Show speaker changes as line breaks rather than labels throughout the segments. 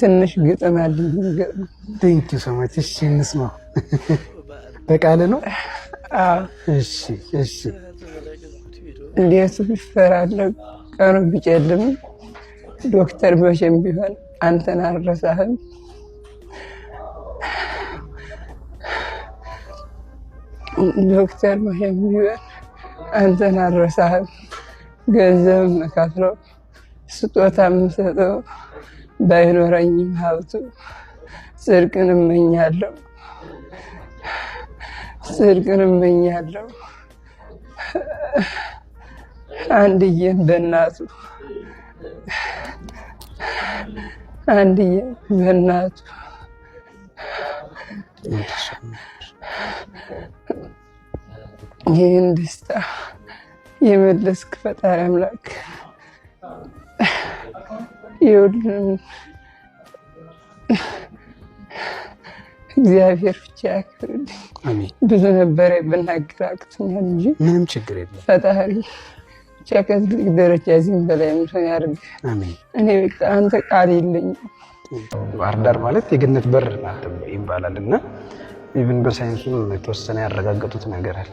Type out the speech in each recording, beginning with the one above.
ትንሽ ግጥም ያለኝ
ቴንክ ዩ ሶማች። እሺ እንስማ። በቃለ ነው። እሺ እሺ።
እንዴት ይፈራል ቀኑ ቢጨልም ዶክተር መቼም ቢሆን አንተን አልረሳህም። ዶክተር መቼም ቢሆን አንተን አልረሳህም። ገንዘብ መካፍለው ስጦታ የምሰጠው ባይኖረኝም ሀብቱ ጽድቅን እመኛለሁ፣ ጽድቅን እመኛለሁ። አንድዬን በእናቱ አንድዬን በእናቱ ይህን ደስታ የመለስክ ፈጣሪ አምላክ እግዚአብሔር ብቻ ያክብርልኝ። ብዙ ነበረ ብናገር አቅቶኛል እንጂ
ምንም ችግር የለም።
ፈጣሪ ብቻ ከትልቅ ደረጃ እዚህም በላይ ምትን ያድርግ። እኔ በቃ አንተ ቃል የለኝም።
ባህር ዳር ማለት የገነት በር ይባላል እና ኢቭን በሳይንሱ የተወሰነ ያረጋገጡት ነገር አለ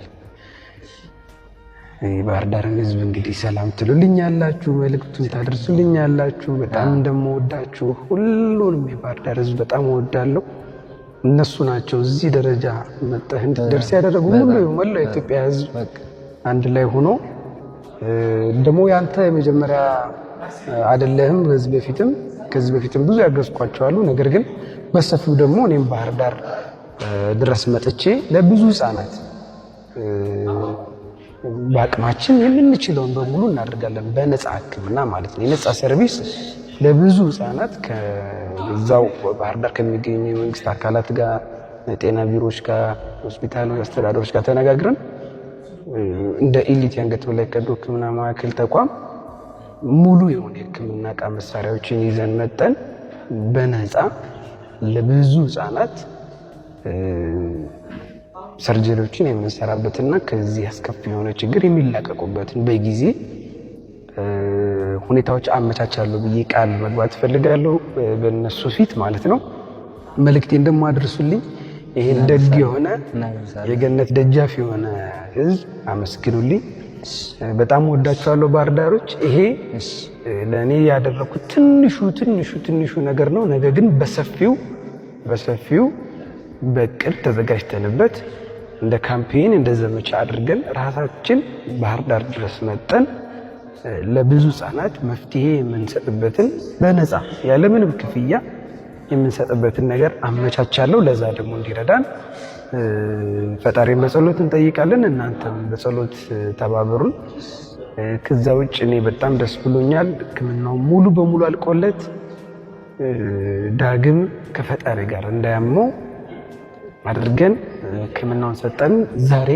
የባህር ዳርን ህዝብ እንግዲህ ሰላም ትሉልኝ ያላችሁ መልእክቱን ታደርሱልኝ ያላችሁ በጣም እንደምወዳችሁ ሁሉንም የባህር ዳር ህዝብ በጣም እወዳለሁ። እነሱ ናቸው እዚህ ደረጃ መጠህ እንድትደርስ ያደረጉ። ሁሉ መላው ኢትዮጵያ ህዝብ አንድ ላይ ሆኖ ደግሞ ያንተ የመጀመሪያ አይደለህም። ከዚህ በፊትም ከዚህ በፊትም ብዙ ያገዝኳቸዋሉ። ነገር ግን በሰፊው ደግሞ እኔም ባህር ዳር ድረስ መጥቼ ለብዙ ህፃናት በአቅማችን የምንችለውን በሙሉ እናደርጋለን። በነፃ ሕክምና ማለት ነው። የነፃ ሰርቪስ ለብዙ ህጻናት ከዛው ባህር ዳር ከሚገኙ የመንግስት አካላት ጋር ጤና ቢሮዎች ጋር ሆስፒታል አስተዳደሮች ጋር ተነጋግረን እንደ ኢሊት የአንገት በላይ ቀዶ ሕክምና ማዕከል ተቋም ሙሉ የሆነ የሕክምና እቃ መሳሪያዎችን ይዘን መጠን በነፃ ለብዙ ህጻናት ሰርጀሪዎችን የምንሰራበትና ከዚህ አስከፊ የሆነ ችግር የሚላቀቁበትን በጊዜ ሁኔታዎች አመቻቻለሁ ብዬ ቃል መግባት እፈልጋለሁ፣ በእነሱ ፊት ማለት ነው። ደግሞ አድርሱልኝ ይህን ደግ የሆነ የገነት ደጃፍ የሆነ ህዝብ አመስግኑልኝ። በጣም ወዳችኋለሁ ባህርዳሮች። ይሄ ለእኔ ያደረኩት ትንሹ ትንሹ ትንሹ ነገር ነው። ነገ ግን በሰፊው በሰፊው በቅድ ተዘጋጅተንበት እንደ ካምፔን እንደ ዘመቻ አድርገን ራሳችን ባህር ዳር ድረስ መጠን ለብዙ ህጻናት መፍትሄ የምንሰጥበትን በነፃ ያለምንም ክፍያ የምንሰጥበትን ነገር አመቻቻለሁ። ለዛ ደግሞ እንዲረዳን ፈጣሪ በጸሎት እንጠይቃለን። እናንተም በጸሎት ተባበሩን። ከዛ ውጭ እኔ በጣም ደስ ብሎኛል። ሕክምናው ሙሉ በሙሉ አልቆለት ዳግም ከፈጣሪ ጋር እንዳያመው አድርገን ህክምናውን ሰጠን። ዛሬ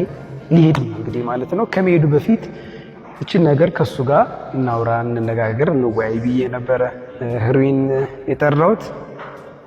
ሊሄድ ነው እንግዲህ ማለት ነው። ከመሄዱ በፊት እችን ነገር ከእሱ ጋር እናውራ፣ እንነጋገር፣ እንወያይ ብዬ ነበረ ህሩይን የጠራሁት።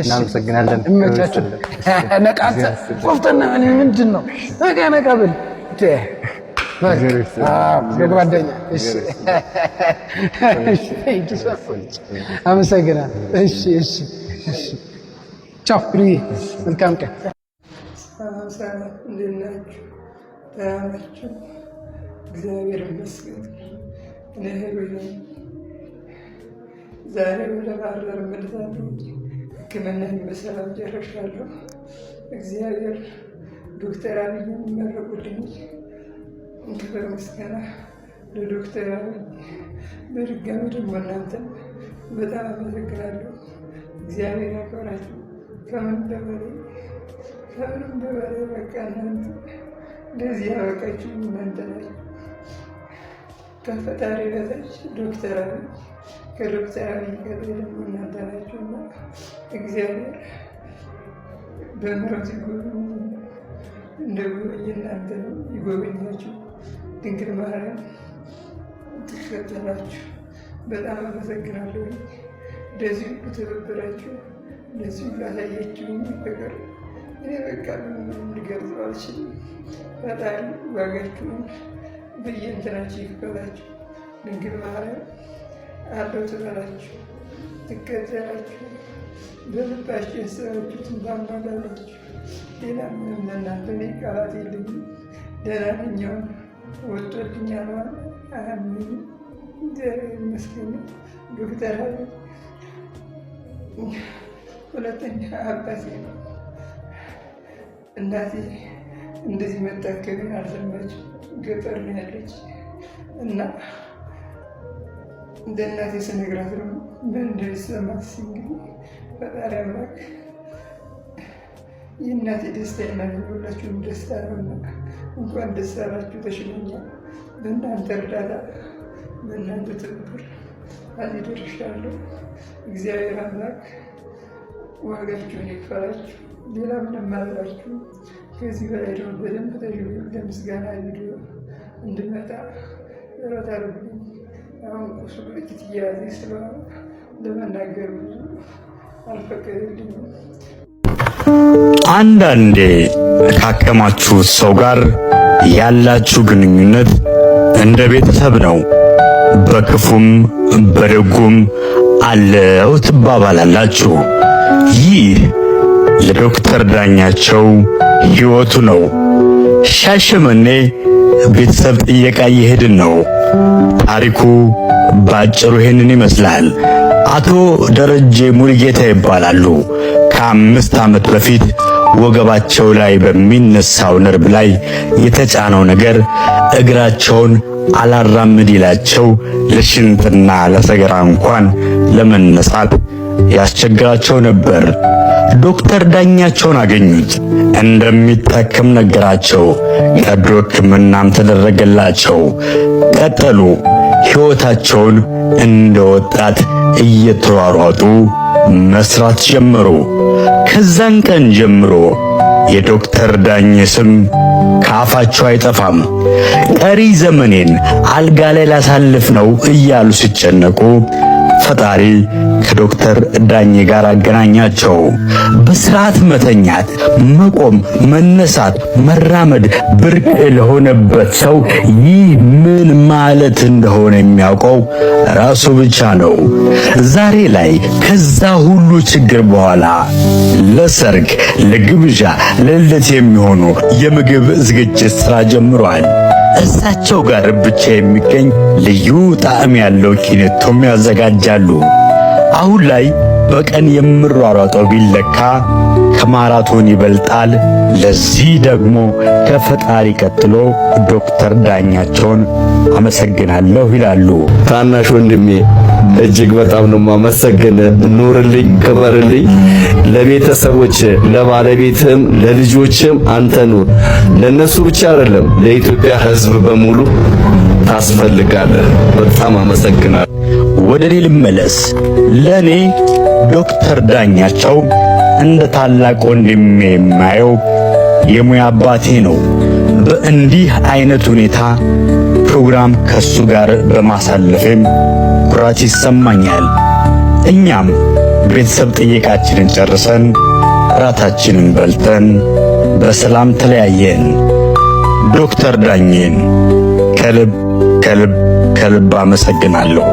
እናመሰግናለን።
እመቻችሁ። ነቃተ ቆፍጠና ምንድን ነው ነቃ ነቃ ብል ጓደኛ አመሰግናለሁ። እሺ እሺ ቻው ፍሪዬ፣ መልካም ቀን።
እግዚአብሔር ይመስገን። ዛሬ ወደ ባህር ዳር እመልሳለሁ። ሕክምናን በሰላም ጨርሻለሁ። እግዚአብሔር ዶክተር አብይ የሚመረቁልኝ ክብር ምስጋና ለዶክተር አብይ። በድጋሚ ደግሞ እናንተን በጣም አመሰግናለሁ። እግዚአብሔር ያቆራት ከምን በበላይ ከምንም በበላይ በቃ እናንተ ለዚህ ያበቃችሁ እናንተ ናችሁ። ከፈጣሪ በታች ዶክተር አብይ ከሩቅ ሳይሆን ከሩቅ እናንተ ናችሁ እና እግዚአብሔር በምሕረት ይጎበኝ እንደ ጎበኝ እናንተ ይጎበኛችሁ። ድንግል ማርያም ትከተላችሁ። በጣም አመሰግናለሁ እንደዚህ ሁሉ ትብብራችሁ፣ እንደዚህ ሁሉ አሳያችሁ ነገር እኔ በቃ ምንም ልገልጸው አልችልም። በጣም ዋጋችሁን በየእንትናችሁ ይክፈላችሁ ድንግል ማርያም አለው ትበላችሁ፣ ትገዘላችሁ፣ በልባችሁ የሰባችሁትን ታሟላላችሁ። ሌላ ምንም ለእናንተ እኔ ቃላት የለኝም። ደህና ነኝ። አሁን ወጥቶልኛል። አያምኝም። እግዚአብሔር ይመስገን። ዶክተር ሁለተኛ አባቴ ነው። እናቴ እንደዚህ መታከብን አልሰማችም። ገጠር ነው ያለች እና እንደ እናቴ ስነግራት ደግሞ በእንደል ስለማት ሲንግ ፈጣሪ አምላክ የእናቴ ደስታ የማገኘላችሁም ደስታ ነውና እንኳን ደስታ አላችሁ። ተሽሎኛል። በእናንተ እርዳታ፣ በእናንተ ትብብር አዚ ደርሻለሁ። እግዚአብሔር አምላክ ዋጋችሁን ይክፈላችሁ። ሌላ ምንም አላችሁ። ከዚህ በላይ ደግሞ በደንብ ተሽሎ ለምስጋና ቪዲዮ እንድመጣ ረታ አድርጉ። አሁን እየያዘ ስለሆነ ለመናገር ብዙ አልፈቀደልኝም።
አንዳንዴ ካከማችሁት ሰው ጋር ያላችሁ ግንኙነት እንደ ቤተሰብ ነው። በክፉም በደጉም አለው ትባባላላችሁ። ይህ ለዶክተር ዳኛቸው ሕይወቱ ነው። ሻሸመኔ ቤተሰብ ጥየቃ እየሄድን ነው። ታሪኩ ባጭሩ ይህንን ይመስላል። አቶ ደረጀ ሙልጌታ ይባላሉ። ከአምስት ዓመት በፊት ወገባቸው ላይ በሚነሳው ንርብ ላይ የተጫነው ነገር እግራቸውን አላራምድ ይላቸው ለሽንትና ለሰገራ እንኳን ለመነሳት ያስቸግራቸው ነበር። ዶክተር ዳኛቸውን አገኙት። እንደሚታከም ነገራቸው። ቀዶ ሕክምናም ተደረገላቸው። ቀጠሉ ሕይወታቸውን እንደ ወጣት እየተሯሯጡ መስራት ጀመሩ። ከዛን ቀን ጀምሮ የዶክተር ዳኜ ስም ከአፋቸው አይጠፋም። ቀሪ ዘመኔን አልጋ ላይ ላሳልፍ ነው እያሉ ሲጨነቁ ፈጣሪ ከዶክተር ዳኜ ጋር አገናኛቸው። በስርዓት መተኛት፣ መቆም፣ መነሳት፣ መራመድ ብርቅ ለሆነበት ሰው ይህ ምን ማለት እንደሆነ የሚያውቀው ራሱ ብቻ ነው። ዛሬ ላይ ከዛ ሁሉ ችግር በኋላ ለሰርግ፣ ለግብዣ፣ ለልደት የሚሆኑ የምግብ ዝግጅት ስራ ጀምሯል። እሳቸው ጋር ብቻ የሚገኝ ልዩ ጣዕም ያለው ኪኔቶም ያዘጋጃሉ። አሁን ላይ በቀን የምሯሯጠው ቢለካ ከማራቶን ይበልጣል። ለዚህ ደግሞ ከፈጣሪ ቀጥሎ ዶክተር ዳኛቸውን አመሰግናለሁ ይላሉ
ታናሽ ወንድሜ እጅግ በጣም ነው ማመሰግን። ኑርልኝ፣ ክበርልኝ። ለቤተሰቦች ለባለቤትም ለልጆችም አንተ ኑር። ለነሱ ብቻ አይደለም ለኢትዮጵያ ሕዝብ በሙሉ ታስፈልጋለህ። በጣም አመሰግናለሁ።
ወደ እኔ ልመለስ። ለኔ ዶክተር ዳኛቸው እንደ ታላቅ ወንድሜ የማየው የሙያ አባቴ ነው። በእንዲህ አይነት ሁኔታ ፕሮግራም ከሱ ጋር በማሳለፌም እንደተሰራች ይሰማኛል። እኛም ቤተሰብ ጥየቃችንን ጨርሰን ራታችንን በልተን በሰላም ተለያየን። ዶክተር ዳኜን ከልብ ከልብ ከልብ አመሰግናለሁ።